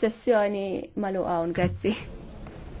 sessjoni maluqa un grazzi.